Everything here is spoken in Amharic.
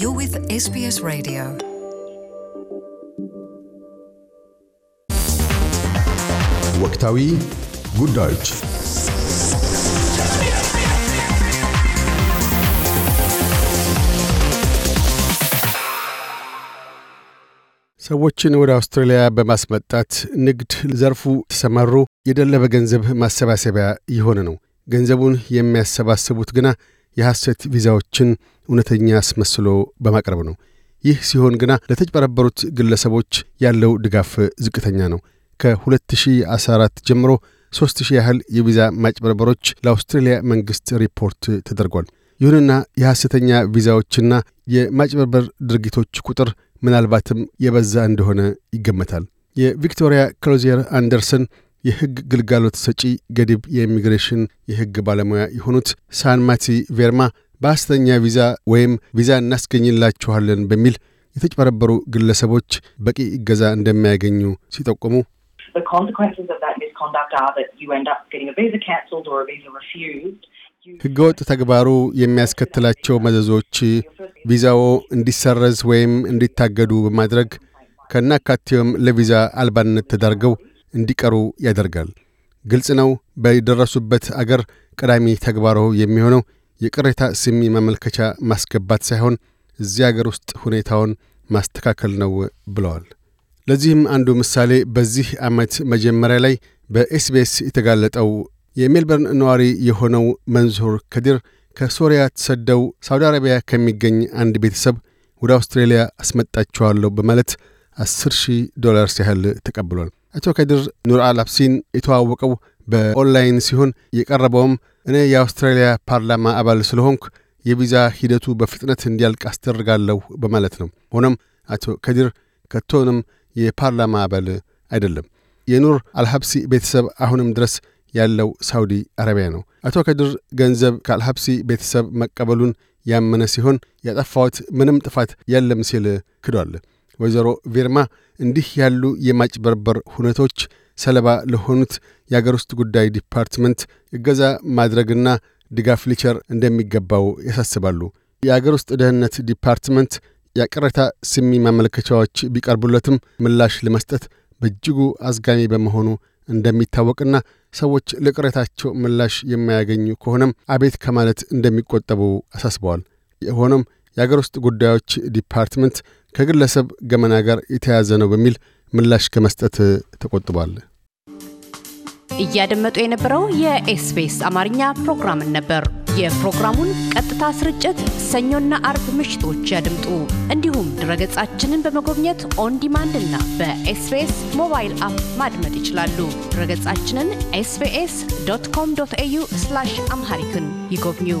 You're with SBS Radio. ወቅታዊ ጉዳዮች ሰዎችን ወደ አውስትራሊያ በማስመጣት ንግድ ዘርፉ ተሰማሩ የደለበ ገንዘብ ማሰባሰቢያ የሆነ ነው። ገንዘቡን የሚያሰባስቡት ግና የሐሰት ቪዛዎችን እውነተኛ አስመስሎ በማቅረብ ነው። ይህ ሲሆን ግና ለተጭበረበሩት ግለሰቦች ያለው ድጋፍ ዝቅተኛ ነው። ከ2014 ጀምሮ 3000 ያህል የቪዛ ማጭበርበሮች ለአውስትሬልያ መንግሥት ሪፖርት ተደርጓል። ይሁንና የሐሰተኛ ቪዛዎችና የማጭበርበር ድርጊቶች ቁጥር ምናልባትም የበዛ እንደሆነ ይገመታል። የቪክቶሪያ ክሎዚየር አንደርሰን የህግ ግልጋሎት ሰጪ ገዲብ የኢሚግሬሽን የህግ ባለሙያ የሆኑት ሳንማቲ ቬርማ በአስተኛ ቪዛ ወይም ቪዛ እናስገኝላችኋለን በሚል የተጭበረበሩ ግለሰቦች በቂ እገዛ እንደማያገኙ ሲጠቁሙ ህገወጥ ተግባሩ የሚያስከትላቸው መዘዞች ቪዛዎ እንዲሰረዝ ወይም እንዲታገዱ በማድረግ ከናካቴውም ለቪዛ አልባነት ተዳርገው እንዲቀሩ ያደርጋል። ግልጽ ነው። በደረሱበት አገር ቀዳሚ ተግባሮ የሚሆነው የቅሬታ ስሚ ማመልከቻ ማስገባት ሳይሆን እዚህ አገር ውስጥ ሁኔታውን ማስተካከል ነው ብለዋል። ለዚህም አንዱ ምሳሌ በዚህ ዓመት መጀመሪያ ላይ በኤስቢኤስ የተጋለጠው የሜልበርን ነዋሪ የሆነው መንዙር ከዲር ከሶሪያ ተሰደው ሳውዲ አረቢያ ከሚገኝ አንድ ቤተሰብ ወደ አውስትሬልያ አስመጣቸዋለሁ በማለት 10 ሺህ ዶላርስ ያህል ተቀብሏል። አቶ ከድር ኑር አል አብሲን የተዋወቀው በኦንላይን ሲሆን የቀረበውም እኔ የአውስትራሊያ ፓርላማ አባል ስለሆንኩ የቪዛ ሂደቱ በፍጥነት እንዲያልቅ አስደርጋለሁ በማለት ነው። ሆኖም አቶ ከዲር ከቶንም የፓርላማ አባል አይደለም። የኑር አልሀብሲ ቤተሰብ አሁንም ድረስ ያለው ሳውዲ አረቢያ ነው። አቶ ከድር ገንዘብ ከአልሀብሲ ቤተሰብ መቀበሉን ያመነ ሲሆን ያጠፋሁት ምንም ጥፋት የለም ሲል ክዷል። ወይዘሮ ቬርማ እንዲህ ያሉ የማጭበርበር ሁነቶች ሰለባ ለሆኑት የአገር ውስጥ ጉዳይ ዲፓርትመንት እገዛ ማድረግና ድጋፍ ሊቸር እንደሚገባው ያሳስባሉ። የአገር ውስጥ ደህንነት ዲፓርትመንት የቅሬታ ስሚ ማመልከቻዎች ቢቀርቡለትም ምላሽ ለመስጠት በእጅጉ አዝጋሚ በመሆኑ እንደሚታወቅና ሰዎች ለቅሬታቸው ምላሽ የማያገኙ ከሆነም አቤት ከማለት እንደሚቆጠቡ አሳስበዋል። የሆኖም የአገር ውስጥ ጉዳዮች ዲፓርትመንት ከግለሰብ ገመና ጋር የተያያዘ ነው በሚል ምላሽ ከመስጠት ተቆጥቧል። እያደመጡ የነበረው የኤስቢኤስ አማርኛ ፕሮግራምን ነበር። የፕሮግራሙን ቀጥታ ስርጭት ሰኞና አርብ ምሽቶች ያድምጡ። እንዲሁም ድረገጻችንን በመጎብኘት ኦንዲማንድ እና በኤስቢኤስ ሞባይል አፕ ማድመጥ ይችላሉ። ድረገጻችንን ኤስቢኤስ ዶት ኮም ዶት ኤዩ አምሃሪክን ይጎብኙ።